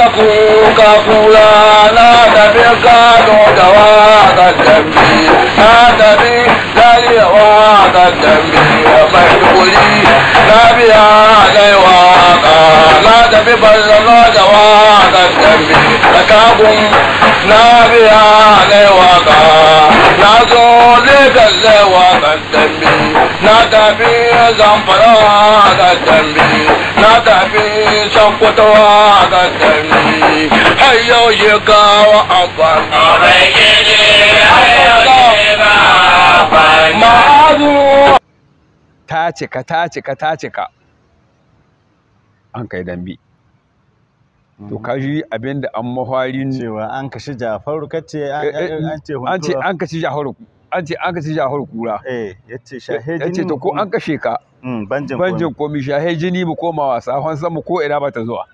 ka kuka kula na tafi kano da wa ka tafi na tafi karewa dambe mai wuri lafiya dai waka na tafi da wakan dambe da kagun lafiya dai na zo zai dai wakan dambe na tafi zamfara wakan dambe na tafi sankwata wakan dambe har yau shekawa amfani. yau ma'azu ta cika ta cika ta cika an kai dambi. to mhm. kaji ji abin da an mahwarin cewa an kashi jafaru kace eh, eh, an ce an kashi jafaru an ce an kashi jafaru kura eh yace shahejini ko an kashe ka mm, banjin komi shahejini mu koma wasa hon samu ko ina ba ta zuwa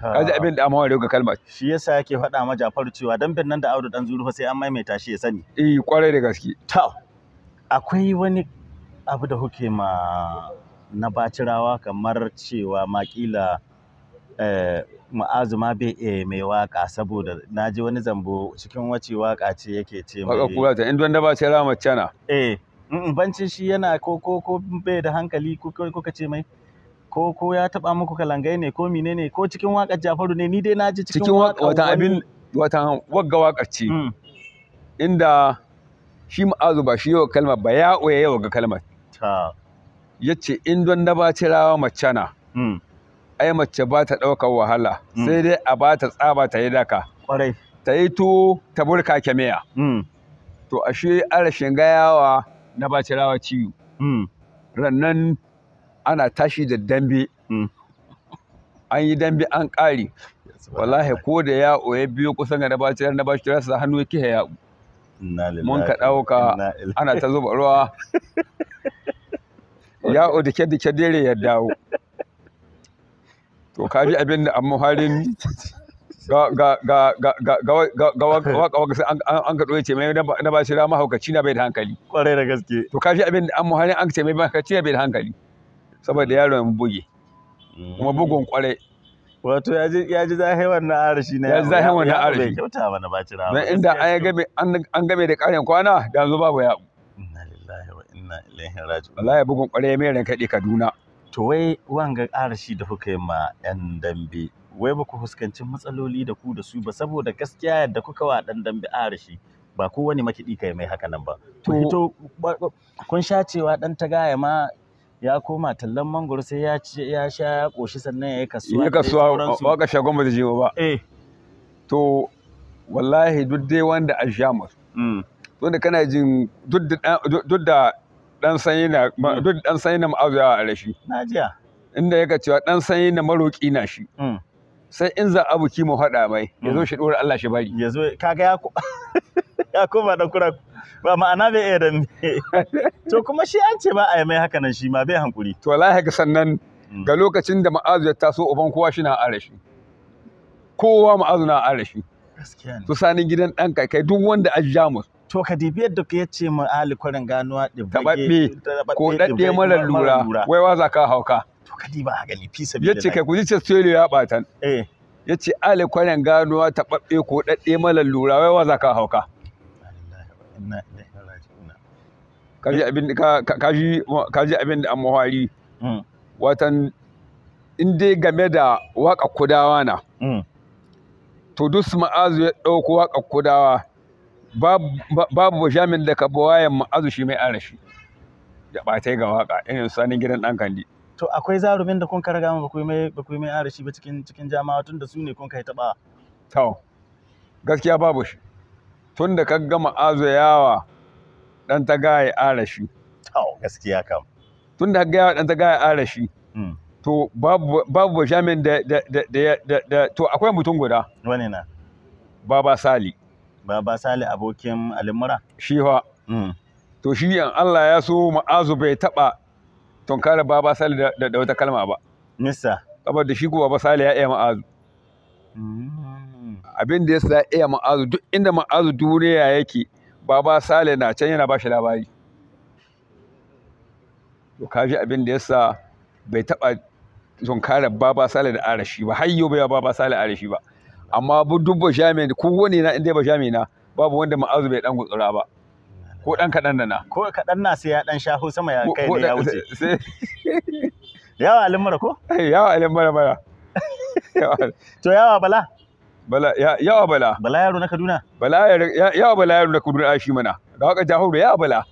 kaji abin da amawa ga kalma. shi yasa yake faɗa ma jafaru cewa dambin nan da audu dan zuru sai an maimaita shi ya sani eh kwarai da gaske to Akwai wani abu da kuke ma na Bacirawa kamar cewa maƙila, eh, Mu'azu ma bai iya mai waƙa saboda na ji wani zambo cikin wace waƙa ce yake ce mai. Waƙa kuwa ta indon da Bacira mace na. Eh, bancin shi yana ko ko ko bai da hankali ko kuka ce mai. Ko ko ya taɓa muku kalangai ne ko mine ne ko cikin waƙar Jafaru ne ni dai na ji cikin waƙar. Cikin watan abin watan wagga waƙar ce. Mm. Inda shi ma'azu ba shi yau kalma ba ya oya yau ga kalma ya ce in don na ba rawa mace na hmm. ai mace ba ta ɗaukar wahala hmm. sai dai a ba ta tsaba ta yi daka ta yi to ta burka kyamiya hmm. to ashe arashin gayawa na ba rawa ciwo rannan ana tashi da dambe an yi dambe an ƙari wallahi ko da ya oya biyu kusan ga na ba na ba hannu ya kihe yaɓu mun ka ɗauka ana ta zuba ruwa ya dike dike dare ya dawo to ka bi abin da amma harin ga waka sai an ka ɗoye ce mai na ba shi rama haukaci na bai da hankali kwarai da gaske to ka bi abin da amma harin an ka ce mai ba haukaci na bai da hankali saboda yaron buge kuma bugun kwarai wato ya ji zahe wannan arashi na ya ji zahe wannan arashi ya kyauta mana ba tira dan inda an game an game da ƙarin kwana da zo babu ya inna lillahi wa inna ilaihi raji'un ya bugun ƙware mai ran kaɗe Kaduna to wai wanga arashi da kuka yi ma yan dambe wai ba ku fuskanci matsaloli da ku da su ba saboda gaskiya yadda kuka wa dan dambe arashi ba kowane makiɗi kai mai haka nan ba to kun sha cewa dan tagaya ma ya koma tallan mangoro sai ya ci ya sha ya koshi sannan ya yi kasuwa ya kasuwa ba ka shagon ba zai ba eh to wallahi duk dai wanda a sha to mm. da kana jin duk da dan sanyi na mm. duk dan sanyi na ma'azu a rashi najiya jiya inda yaka cewa dan sanyi na maroki na shi mm. sai in za abu ki mu hada mai ya zo shi ɗora Allah shi bari ya zo kaga ya yakuba da kura ba ma'ana bai iya dambe to kuma shi an ce ba a yi mai haka nan shi ma bai hankuri to wallahi ga sannan mm. ga lokacin da ma'azu ya taso uban kowa shi na arashi kowa ma'azu na arashi to sanin gidan ɗan kai kai duk wanda an jamus to ka dibi yadda ka yace mu ali kwarin ganuwa ɗibage ko daɗe mara lura wai wa za ka hauka to ka diba ga gani fi sabida yace kai ku ji ce ya batan eh yace ali kwarin ganuwa taɓaɓɓe ko ɗaɗɗe mara lura wai wa za ka hauka ka ji kaji abin da an muhari hmm. watan in dai game da waka kudawa na hmm. to duk ma'azu ya ɗauko waka kudawa babu jamin da ka bawayan ma'azu shi mai arashi Ya ɓatai ga waka irin sanin gidan ɗan kandi to akwai zarumin da kun karga ba ku mai ba ku mai arashi ba cikin jama'a tun da su ne kun kai taɓa to gaskiya babu shi tun da ka gama azoyawa dan ta gaya arashi to gaskiya kam tun da ka gaya dan ta gaya arashi hmm. to babu babu jamin da da da da to akwai mutum guda wani na baba sali baba sali abokin alimura shi fa hmm. to shi yan Allah ya so ma'azu bai taba tunkara baba sali da wata kalma ba nisa saboda shi ko baba sali ya iya ma'azu abin da ya sa iya ma'azu duk inda ma'azu duniya yake baba sale na can yana ba shi labari to kaji abin da ya sa bai taɓa tunkarar baba sale da arashi ba har yau bai baba sale arashi ba amma duk ba shame wani na inda ba jami'in na babu wanda ma'azu bai dan gutsura ba ko dan kaɗan da na ko kaɗan na sai ya dan shaho sama ya kai da ya wuce yawa alin ko yawa alin mara mara to yawa bala bala ya bala bala yaro na Kaduna bala ya bala yaro na Kaduna shi mana da haka Jafaru ya bala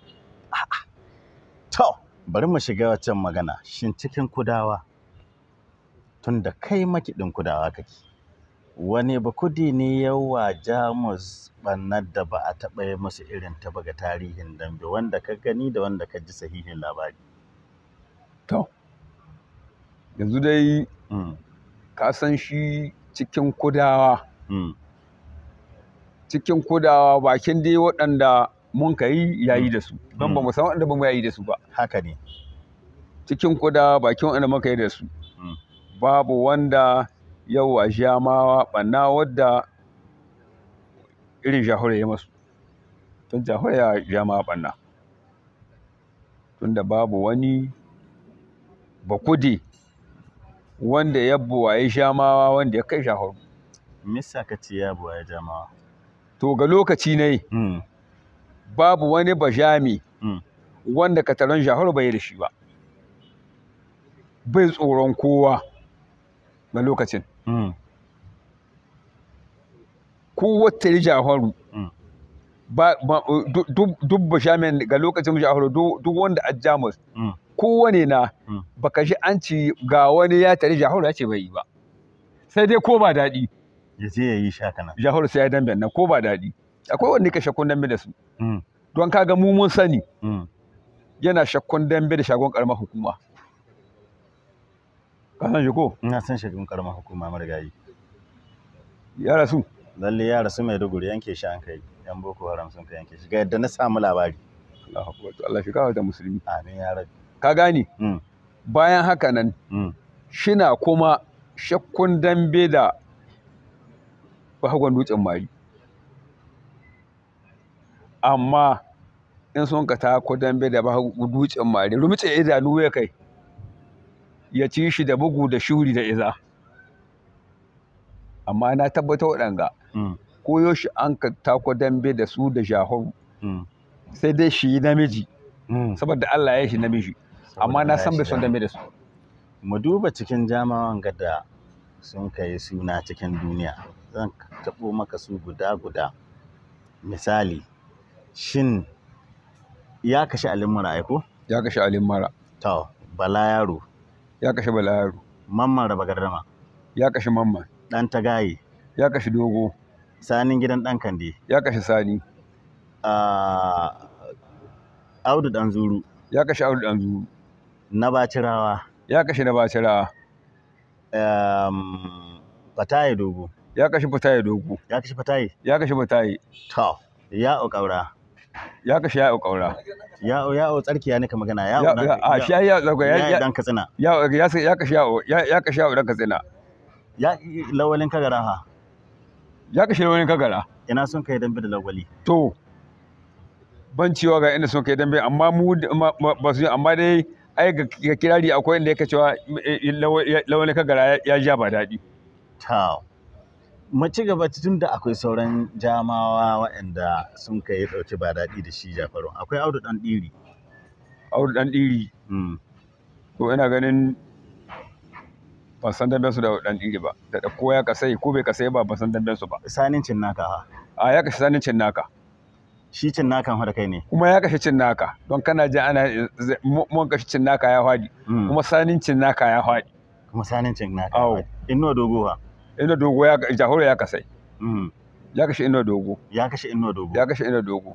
to bari mu shiga waccan magana shin cikin kudawa tunda kai makiɗin kudawa kake wani bakudi ne yawa jamus ɓannar da ba a taɓa yi musu irin ta ga tarihin dambe wanda ka gani da wanda ka ji sahihin labari to yanzu dai hmm. ka san shi cikin kudawa Mm. cikin kudawa bakin dai waɗanda mun ka yi yayi mm. da su don mm. ba mu san waɗanda ba mu yayi da su ba haka ne cikin kudawa bakin waɗanda muka yi da su babu wanda yau a jamawa ɓanna wadda irin jahura ya masu tun jahura ya jamawa ɓanna tunda babu wani bakudi wanda ya buwaye jamawa wanda ya kai shahuru Mista ka ce ya buwa ya jama'a. To ga lokaci ne hmm. babu wani bajami hmm. wanda Kataron jahar bai da shi ba. Bai tsoron kowa ga lokacin. Kowace jaharu duk bashamen ga lokacin jaharu duk wanda a jamus hmm. kowane na baka shi an ci ga wani ya tare jaharu ya ce bai yi ba. Sai dai ko ba daɗi. ya je ya yi sha kana jahol sai ya dambe nan ko ba daɗi akwai wanda ka shakkun dambe da su hmm. don kaga mu mun sani hmm. yana shakkun dambe da shagon karamar hukuma ka san shi ko ina san shagon karamar hukuma marigayi ya rasu lalle ya rasu mai duguri yanke shi an kai yan boko haram sun kai yanke shi ga yadda na samu labari Allahu akbar Allah shi kawo da musulmi amin ya rabbi ka gani. Hmm. bayan haka nan shina kuma shakkun dambe da hagon dutsen mari amma in sun ka tako dambe da bahgon dutsen mari rumtse idanu ya kai ya ci shi da bugu da shuri da iza amma na tabbata waɗanga mm. koyo shi an ka tako dambe da su da jahon mm. sai dai shi namiji mm. saboda Allah ya shi namiji amma na san bai son dambe da su mu duba cikin jamawan gada sun kai suna cikin duniya zan taɓo maka su guda guda misali shin ya kashe alin mara aiko ya kashe alin mara Ta. bala yaro ya kashe bala yaro mamman raba gardama ya kashe mamman ta tagaye ya kashe dogo sanin gidan ɗan kande ya kashe sani a audu ɗan zuru ya kashe audu ɗan zuru na bacirawa ya kashe na bacirawa um, fataye dogo ya kashi fataye dogo ya kashi fataye ya kashi fataye to ya o kaura ya kashi ya o kaura ya o ya o tsarkiya ne ka magana ya o a shi ya o ya dan katsina ya o ya ya kashi ya o ya kashi ya o dan katsina ya lawalin kagara ha ya kashi lawalin kagara ina son kai dambe da lawali to ban cewa ga inda son kai dambe amma mu ba su amma dai ai ga kirari akwai inda yake cewa eh, eh, lawalin kagara ya ja ba daɗi. Tau. mu ci gaba tun da akwai sauran jamawa waɗanda sun kai ɗauki ba daɗi da shi jafaru akwai audu ɗan ɗiri audu ɗan ɗiri hmm. to ina ganin ban san dambe su da ɗan ɗiri ba da ko ya kasai ko bai kasai ba ban san dambe su ba sanin cin naka a ya kashe sanin cin naka shi cin nakan har kai ne kuma ya kashe cin naka don kana ji ana mun kashe cin naka ya haɗi. Hmm. kuma sanin cin naka ya haɗi. kuma sanin cin naka ya In inno dogowa inda dogo ya jahura ya kasai mm. ya kashe inda dogo ya kashe inda dogo ya kashe inda dogo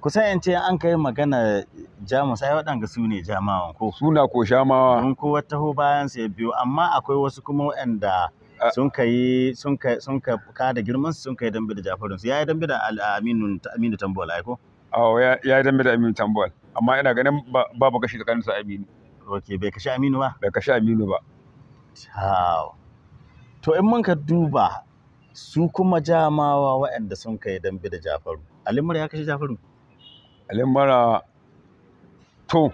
kusan in ce an kai magana jamus ai waɗanda su ne jamawan ko suna ko shamawa mun ko wata ho bayan sai biyu amma akwai wasu kuma waɗanda sun kai sun kai sun kai ka da girman sun kai dambe da jafarun su yayi dambe da aminu aminu tambol ai ko awo yayi dambe da aminu tambol amma ina ganin babu kashi tsakanin su aminu okay bai kashi aminu ba bai kashi aminu ba Tau. To in mun ka duba su kuma jamawa waɗanda sun kai dambe da Jafaru. Alimara ya kashe Jafaru? Alimara to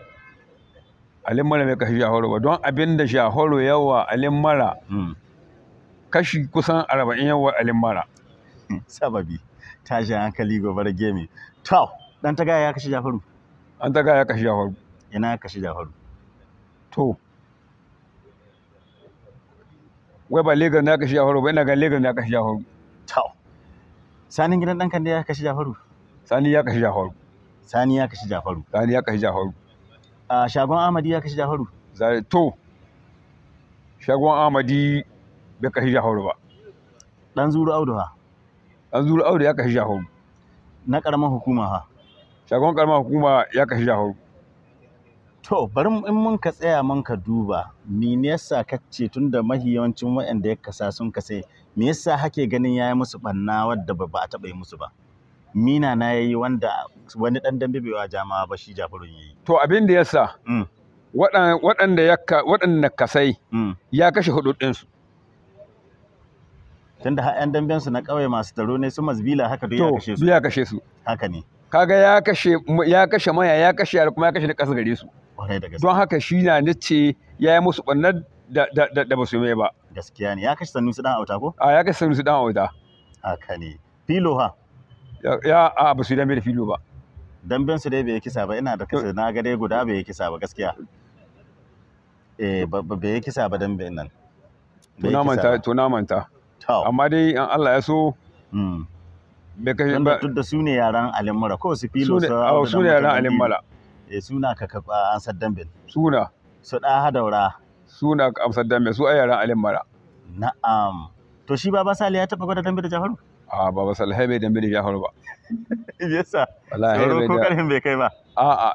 Alimara bai kashe Jafaru ba don abin da Jafaru yawa Alimara hmm. kashi kusan arba'in yawa Alimara. Hmm. Sababi Ta tashin hankali gobar gemi. To dan tagaya ya kashe Jafaru? An tagaya ya kashe Jafaru. Ina ya kashe Jafaru? To wai ba legas na kashi jafaru ba ina ga legal na kashe jafaru to sanin gidan ɗanka ne ya kashe jafaru sani ya kashe jafaru sani ya kashe jafaru sani ya kashe jafaru a shagon amadi ya kashe jafaru to shagon amadi bai kashe jafaru ba dan zuru audu ha dan zuru audu ya kashe jafaru na karamar hukuma ha shagon karamar hukuma ya kashe jafaru To bari in mun ka tsaya mun ka duba me yasa tun da mahi yawancin waɗanda ya kasa sun kase me yasa hake ganin ya yi musu ɓanna wadda ba a taɓa yi musu ba. Mina na ya yi wanda wani dan dambe bai wa jama'a ba shi Jafarun yi. To abin da yasa mm. waɗanda ya waɗanda kasai mm. ya kashe hududin Tun Tunda har 'yan damben su na ƙauye masu taro ne su masbila haka duk ya kashe su. To ya kashe su. Haka ne. kaga ya kashe ya kashe maya ya kashe yara kuma ya kashe na kasa gare su don haka shi na nace ya yi musu bannar da da da ba su mai ba gaskiya ne ya kashe su dan auta ko a ya kashe su dan auta haka ne filo ha ya a ba su yi dambe da filo ba damben su dai bai kisa ba ina da kasa na ga dai guda bai kisa ba gaskiya eh bai kisa ba damben nan tunamanta tunamanta to na manta amma dai an Allah ya so hmm. duk da su ne yaran alimura ko su filo su ne yaran alimura e eh, suna ka kaɓa amsar dambel suna su ɗa hadaura suna ka amsar dambe, su a yaran alimura na'am to shi baba sali ya taɓa gwada dambe da jafaru a baba sali bai dambe da jafaru ba yasa tsoro ko ƙarfin bai kai ba a'a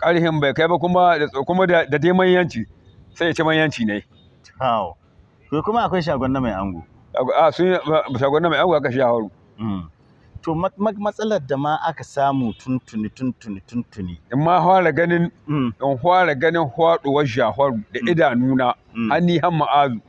ƙarfin bai kai ba kuma kuma da dai manyanci sai ya ci manyanci ne to kuma akwai shagon na mai ango a sun shagon na mai ango aka shi jafaru mm. to matsalar da ma aka samu tuntuni tuntuni tuntuni in ma fara ganin mm. in fara ganin faduwar jahoru da mm. idanuna mm. hanni han ma'azu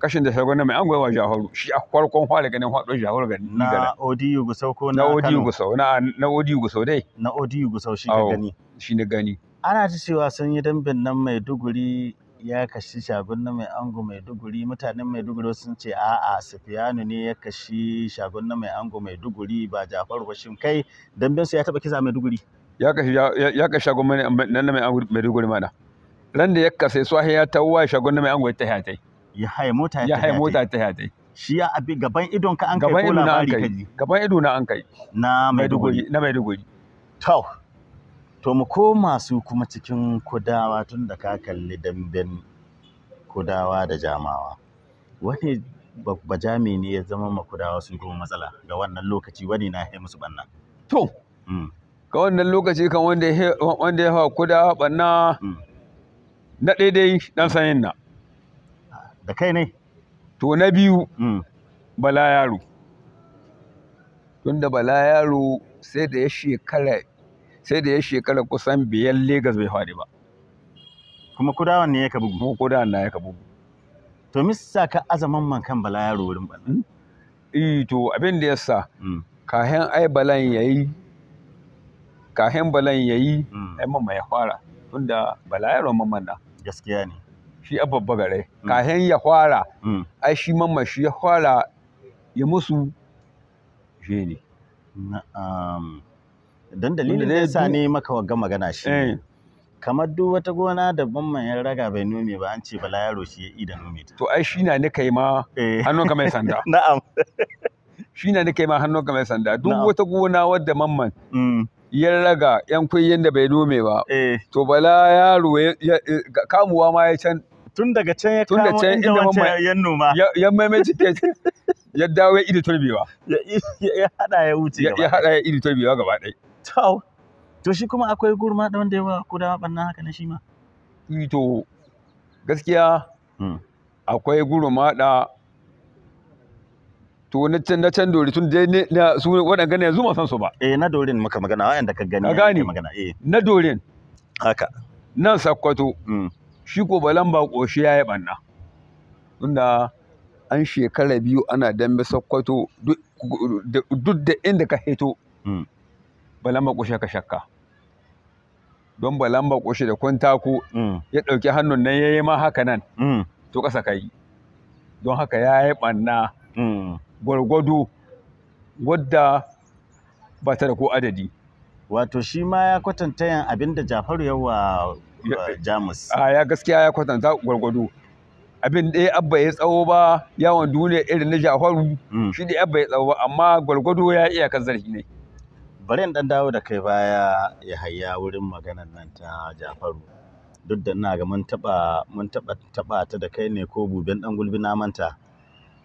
kashin da shagon na mai an wa jahoru shi a farkon fara ganin faduwar jahoru ga na odiyu gusau ko na Odi gusau na odi odiyu gusau dai na Odi gusau shi ka gani shi na gani ana ta cewa sun yi dambin nan mai duguri ya kashi na mai ango Maiduguri mutanen Maiduguri sun ce a'a Sufiyanu ne ya kashi na mai ango Maiduguri ba Jafaru ba shin kai damben su ya taba kisa Maiduguri ya kashi ya kashi shagon mai nan mai ango Maiduguri mana ran da ya kasa su ya tawwa shagon mai ango ta hayatai ya haye mota ya haye mota ta hayatai shi ya abi gaban idon ka an kai ko labari kaji gaban ido na an kai na Maiduguri na Maiduguri to To mu koma su kuma cikin kudawa tun da ka kalli damben kudawa da jamawa. Wani Jami ne ya zama ma kudawa su kuma matsala ga wannan lokaci wani na ya musu banna. To, mm. ga wannan lokaci kan wanda ya hawa kudawa banna mm. na daidai dan sanin na. Da kai ne? To na biyu mm. bala yaro. Tunda bala yaro sai da ya shekara sai da ya shekara kusan biyar Legas bai faɗi ba. Kuma kudawan ne ya ka bugu? Kuma kudawan na ya ka bugu. To misa ka azaman man kan bala yaro wurin ba. Hmm? Eh to abin da ya sa hmm. kahin ai balan ya yi kahin balan ya yi hmm. ai mamma ya fara tunda bala yaro mamma na. Gaskiya ne. Shi a babba gare. Kahin ya fara ai shi mamma shi ya fara ya musu shi ne. Na'am. don dalilin da yasa ne maka wagga magana shi eh. kamar duk wata gona da mamman ya raga bai nome ba an ce bala yaro shi ya yi da nome ta to ai shi na nika yi ma eh. hannun ka mai sanda na'am shi na nika yi ma hannun ka mai sanda duk wata gona wadda mamman mm. ya raga yan kuyyen da bai nome ba eh. to bala yaro kamuwa ma ya can tun daga can ya kamo inda wancan ya noma ya maimaici ke ya dawo ya idi turbewa ya hada ya wuce ya hada ya idi turbewa gaba ɗaya To, to shi kuma akwai gurma da wanda yawa ko da ɓanna haka na shi ma. To, gaskiya akwai gurma da to na can na can dori tun dai na su waɗanda ne yanzu san su ba. Eh na dorin muka magana waɗanda ka gani. Ka gane magana eh. Na dorin. Haka. Nan sakkwato. Shi ko balan ba ƙoshi ya yi ɓanna. Tunda an shekara biyu ana dambe sakkwato duk da inda ka hito. balan makushe ka shakka don balan makushe da kun taku mm. ya ɗauki hannun nan ya yi ma haka nan mm. to ƙasa ka yi don haka ya yi ɓanna mm. gwargwado wadda ba ta da ko adadi wato shi ma ya kwatanta yin abin da jafaru yawa jamus a ya gaskiya ya kwatanta gwargwado abin da abba ya tsawo ba yawon duniya irin na jafaru shi da abba ya tsawo ba amma gwargwado ya iya kan zarfi ne bari in ɗan dawo da kai baya ya hayya wurin maganan nan ta Jafaru. Duk da ina ga mun taɓa mun taɓa ta da kai ne ko buben ɗan gulbi na manta.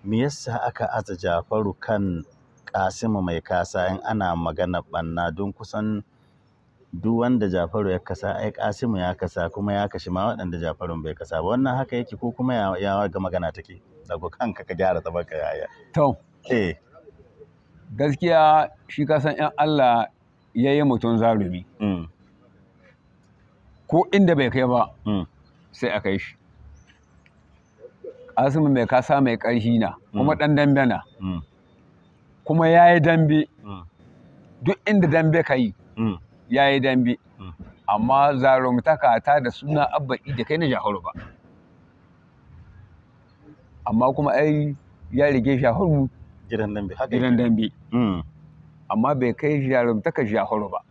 Me yasa aka aza Jafaru kan Kasimu mai kasa in ana magana ɓanna don kusan duk wanda Jafaru ya kasa ai Kasimu ya kasa kuma ya kashi ma waɗanda Jafaru bai kasa ba wannan haka yake ko kuma ya ga magana take daga kanka ka gyara tsabarka yaya. To. Eh. gaskiya shi kasan yan Allah ya yi mutum zarumi mm. ko inda bai kai ba mm. sai a kai shi asimin mai kasa mai ƙarshi na kuma mm. ɗan dambe na kuma ya yi dambe duk inda dambe ka yi ya yi dambe amma zarumi ta da suna abba'i da kai na jahuru ba amma kuma ai ya rige shahuru gidan dambe haka gidan dambe hmm. amma bai kai jarumtaka jahoro ba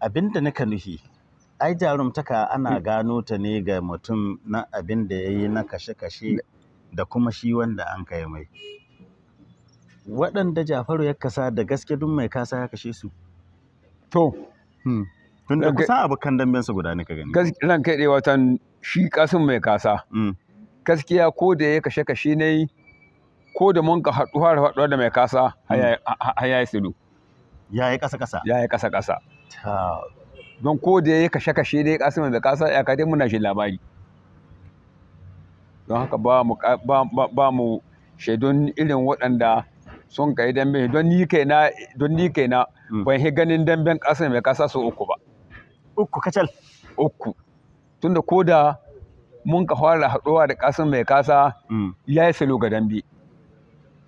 abinda nika nufi ai jarumtaka ana hmm. gano ta ne ga mutum na abinda ya yi na kashe-kashe hmm. da kuma shi wanda an kai mai waɗanda jafaru ya kasa da gaske duk mai kasa ya kashe su to tun da kusan abokan damben su guda ne ka gani ran kai watan shi kasin mai kasa gaskiya ko da ya kashe-kashe ne ko da mun ka haɗu fara haɗuwa da mai kasa har ya yi mm. ya yi ƙasa ƙasa ya yi ƙasa ƙasa don ko da ya yi kashe kashe da ya ƙasa mai kasa ya kadai muna shi labari don haka ba mu shaidun irin waɗanda sun kai dambe don ni na don ni na mm. ban he ganin damben ƙasa mai kasa su uku ba uku kacal uku tunda ko da mun ka fara haɗuwa da ƙasa mai kasa mm. ya yi salo ga dambe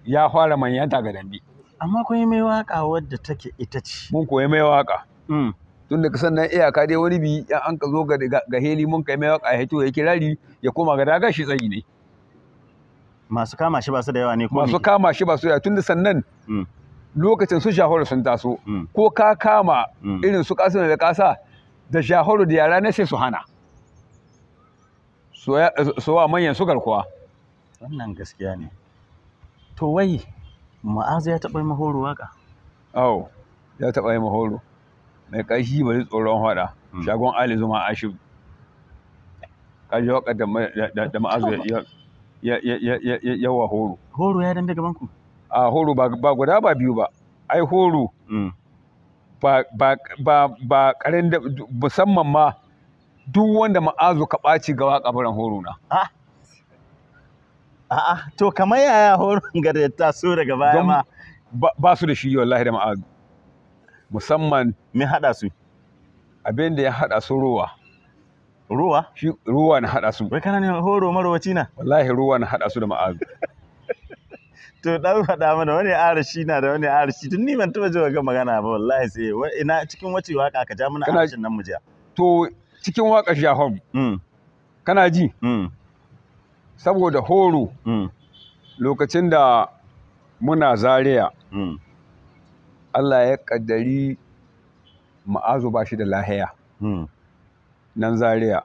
ya fara manyanta ga dambe amma kun yi mai waka wadda take ita ce mun koyi mai waka mm. tun da kasan nan iyaka dai wani bi an ka zo ga heli mun kai mai waka ya hito ya kirari ya koma ga daga shi tsayi ne masu kama shi ba su da yawa ne masu kama shi ba su yawa tun da sannan mm. lokacin su shahoru sun taso mm. ko ka kama irin su kasu da kasa da shahoru da yara ne sai su hana sowa manyan su garkuwa wannan gaskiya ne To wai Ma'azu ya taɓa yi mahoro waƙa? Awo, ya taɓa yi mahoro. Mai ƙarfi mai tsoron haɗa. Hmm. Shagon Ali Zuma Ashib. ƙarfi waƙa da Ma'azu ya wa horo. Horo ya dambe gaban ku? A horo ba guda ba biyu ba. Ai horo. Hmm. Ba ƙarin da musamman ma duk wanda Ma'azu ka ɓaci ga waƙa horo na. A'a, to kamar yaya horon ga da taso daga baya ma. Ba su da shi wallahi da ma'azu. Musamman. Me haɗa su? Abin da ya haɗa su ruwa. Ruwa? Shi ruwa na haɗa su. Wai kana ne horo marowaci na? Wallahi ruwa na haɗa su da ma'azu. to dan faɗa mana wani arashi na da wani arashi tun ni ban taɓa ji ga magana ba wallahi sai ina cikin wace waka ka ja mana arashin nan mu ja. To cikin waka Shahom. Hmm. Kana ji? Hmm. saboda horo mm. lokacin da muna zaria mm. Allah ya kaddari ma'azu ba shi da lahiya mm. nan zaria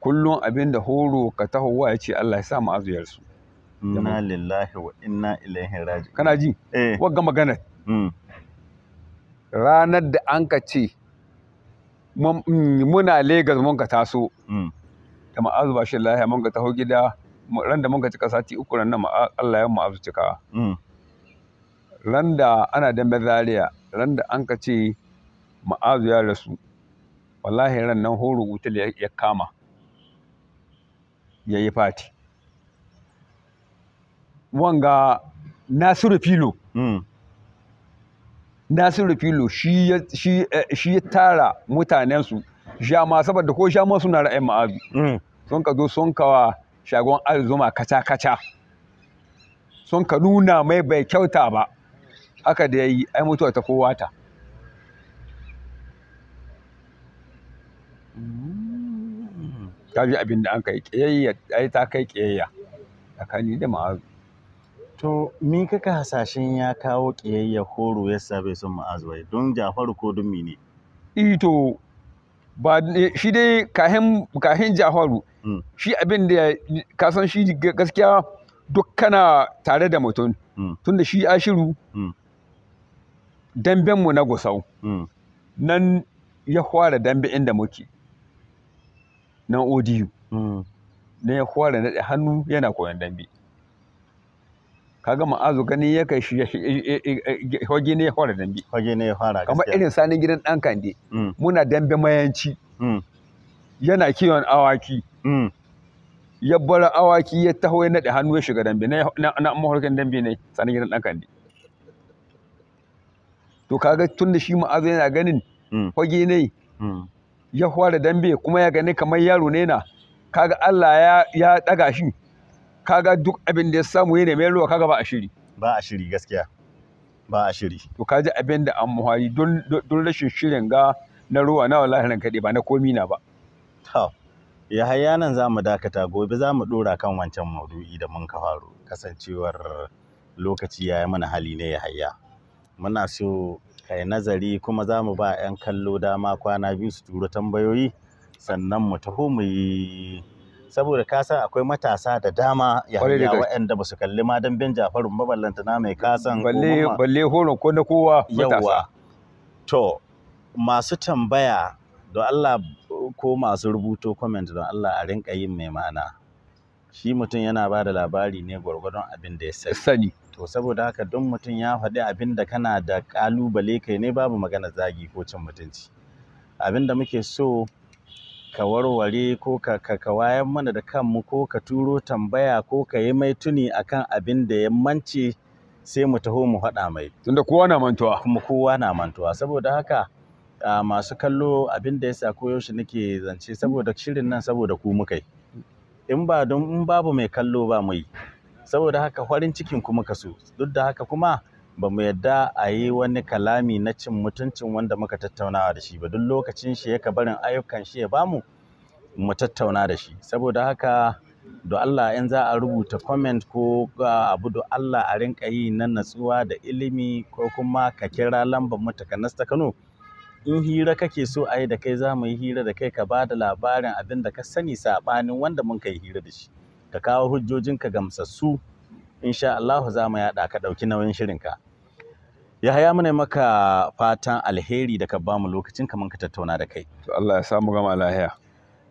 kullum abin da horo ka tahowa ya ce Allah ya sa ma'azu yarsu inna lillahi wa inna ilaihi raji kana ji eh. wagga magana ranar da an ka ce muna Legas mun ka taso da ma'azu ba shi lahiya mun ga taho gida ran da mun ga cika sati uku ran nan Allah ya ma'azu cika mm. ran da ana dambe zaria ran da an ka ce ma'azu ya rasu wallahi ran nan horo wutal ya kama ya yi fati wanga nasiru filo mm. nasiru filo shi ya eh, tara mutanensu ba saboda ko jama suna ra'ayin ma'azu mm. sun ka zo sun kawa shagon arzuma kaca-kaca sun ka nuna mai bai kyauta ba haka da ya yi ai mutuwa ta kowa ta ta ji abin da an kai ƙiyayya ai ta kai ƙiyayya tsakani da ma'azu to me kaka hasashen ya kawo ƙiyayya horo ya sa bai son ma'azu bai don jafaru ko dummi ne ito eh ba eh, shi dai kahin kahin jahoru mm. shi abin da ka san shi gaskiya duk tare da mutum mm. tunda shi ashiru mm. damben mu na gusau nan ya fara dambe inda muke nan odiyu na ya fara naɗe hannu yana koyon dambe kaga ma'azu gani ya kai shi hoge ne ya fara dambe hoge ne ya fara kamar irin sanin gidan dan kande mm. muna dambe mayanci mm. yana kiwon awaki mm. ya bara awaki ya taho ya naɗe hannu ya shiga dambe na na dambe ne sanin gidan dan kande to kaga tun da shi ma'azu yana ganin hoge ne ya fara dambe kuma ya gani kamar yaro ne na kaga Allah ya ya daga shi kaga duk abin da ya samu yana mai ruwa kaga ba a shiri ba a shiri gaskiya ba a shiri to kaji abin da an muhari don rashin shirin ga na ruwa na wallahi ran kade ba na komi na ba to ya hayya nan za mu dakata gobe za mu ɗora kan wancan maudu'i da mun ka kasancewar lokaci ya yi mana hali ne ya hayya muna so kai nazari kuma za mu ba 'yan kallo dama kwana biyu su turo tambayoyi sannan mu taho mu yi saboda ka san akwai matasa da dama ya waɗanda ba su kalli ma dan bin Jafaru maballantana mai kasan balle balle ko na kowa yawa to masu tambaya don Allah ko masu rubuto comment don Allah a rinka yin mai ma'ana shi mutum yana ba da labari ne gwargwadon abin da ya sani to saboda haka don mutum ya faɗi abin da kana da ƙalubale kai ne babu magana zagi ko cin mutunci abin da muke so ka warware ko ka, ka, ka wayan mana da kanmu ko ka turo tambaya ko ka yi mai tuni a kan abin da ya mance sai mu taho mu haɗa mai. Tunda kowa na mantuwa. Kuma kowa na mantuwa saboda haka masu kallo abin da ya sa koyaushe nake zance saboda shirin nan saboda ku muka yi. In ba don in babu mai kallo ba mu yi. Saboda haka farin cikin kuma ka so duk da haka kuma ba mu yadda a yi wani kalami na cin mutuncin wanda muka tattaunawa da shi ba duk lokacin shi yaka barin ayyukan shi ya bamu mu tattauna da shi saboda haka do Allah in za a rubuta comment ko abu do Allah a rinka yi na natsuwa da ilimi ko kuma ka kira lambar mu ta kanas Kano in hira kake so a yi da kai za mu yi hira da kai ka ba da labarin abin da ka sani saɓanin wanda mun kai hira da shi ka kawo hujjojinka gamsassu insha Allah za mu yaɗa ka ɗauki nauyin shirinka Yahaya mune maka fatan alheri da ka ba mu lokacin kamar ka tattauna da kai to Allah ya samu gama lahiya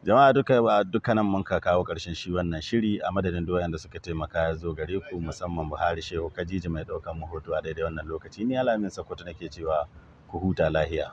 jama'a duka dukkanan mun ka kawo karshen shi wannan shiri a madadin doyan da suka taimaka ya zo gare ku musamman Buhari Shehu Kajiji mai ɗaukan mu hoto a daidai wannan lokaci ni Alamin Sokoto nake cewa ku huta lahiya